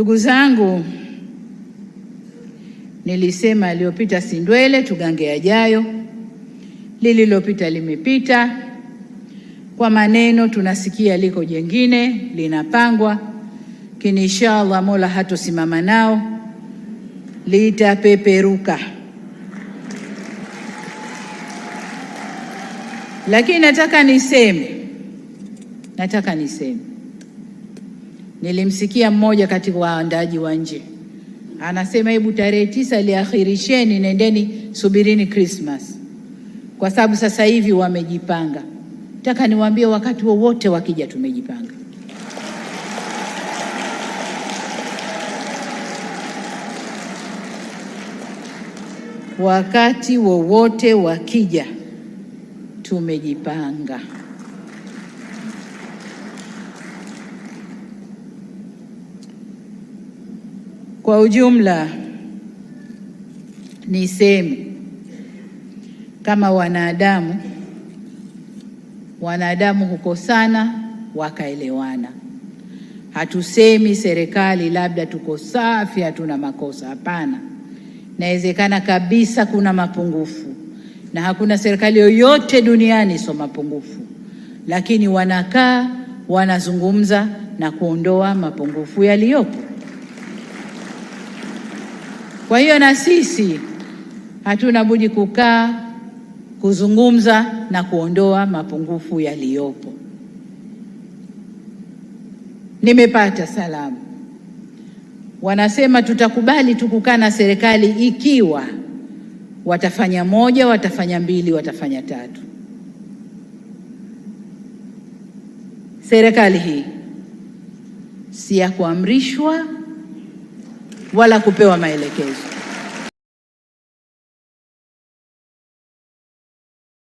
Ndugu zangu, nilisema aliyopita si ndwele, tugange yajayo. Lililopita limepita. Kwa maneno tunasikia liko jengine linapangwa, lakini inshallah Mola hatosimama nao, litapeperuka. Lakini nataka niseme, nataka niseme Nilimsikia mmoja kati waandaji wa nje anasema, hebu tarehe tisa liakhirisheni, nendeni subirini Christmas kwa sababu sasa hivi wamejipanga. Nataka niwaambie, wakati wowote wakija, tumejipanga. Wakati wowote wakija, tumejipanga. Kwa ujumla, niseme kama wanadamu, wanadamu hukosana wakaelewana. Hatusemi serikali labda tuko safi, hatuna makosa. Hapana, inawezekana kabisa kuna mapungufu, na hakuna serikali yoyote duniani sio mapungufu, lakini wanakaa wanazungumza na kuondoa mapungufu yaliyopo. Kwa hiyo na sisi hatuna budi kukaa kuzungumza na kuondoa mapungufu yaliyopo. Nimepata salamu wanasema tutakubali tu kukaa na serikali ikiwa watafanya moja, watafanya mbili, watafanya tatu. Serikali hii si ya kuamrishwa wala kupewa maelekezo.